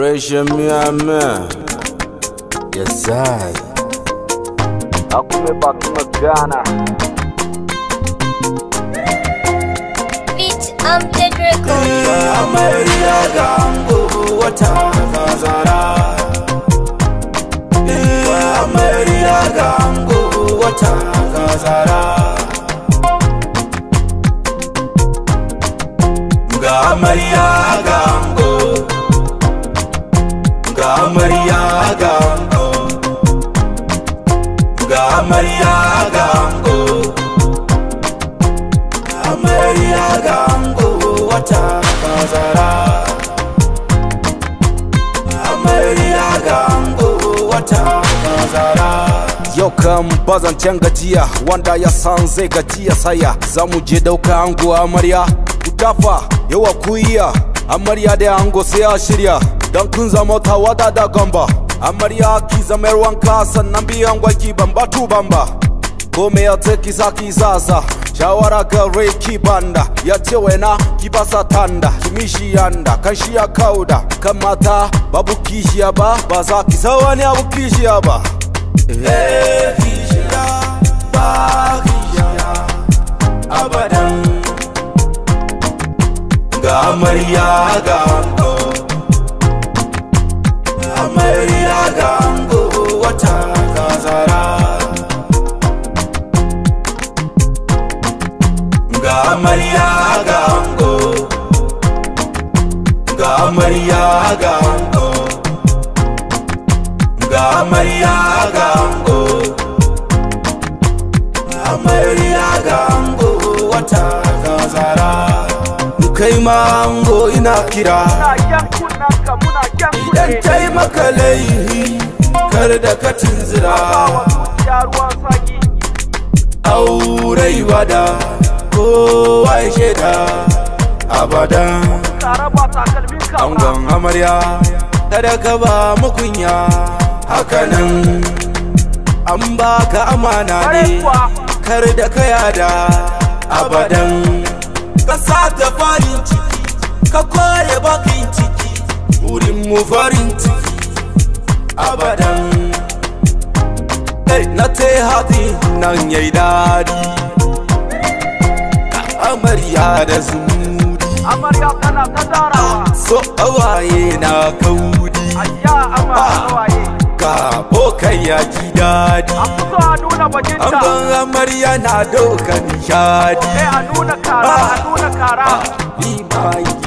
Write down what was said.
Pressure me ame Yazai Aku mebaki magana Fit Amted Records Amari ya gambo wataka zara Amari Maria amarya ga ango ga amarya ga ango amarya wata bazara amarya ga ango wata bazara yau kan bazancan gajiya wanda ya san zai gajiya saya za mu je dauka ango amarya ku tafa yawa ku iya amarya da ango sai a shirya don kun zama tawada da gamba amarya ki zama ruwan kasa biyan gwaki bamba tu bamba ko me ya ce kisa kisa sa shawara ga ki banda ya ce waina ki sa tanda kimi shi yanda kan shi ya kauda kan mata babu kishiya ba ba za ki sawa ne abu kishiya ba ba ga amarya ga amarya ga ango ga amarya ga ango amarya ga ango wata ga zara kai ma ango ina kira idan taimaka maka laihi kar da ka wada, aurai bada kowa shaida abadan angon amarya sadaka ba mukunya hakanan an baka amana ne kar da ka yada abadan sa ta farin ciki ka kore bakin ciki wurin mu farin ciki abadan na te hadi nan yayi dadi amarya da zumunci amarya tana ta darawa so awaye na kauri ayya amma ah, awaye ka bokai ya ji dadi an a nuna bajinta an ban amarya na doka nishadi eh a nuna kara a nuna kara ah, ni mai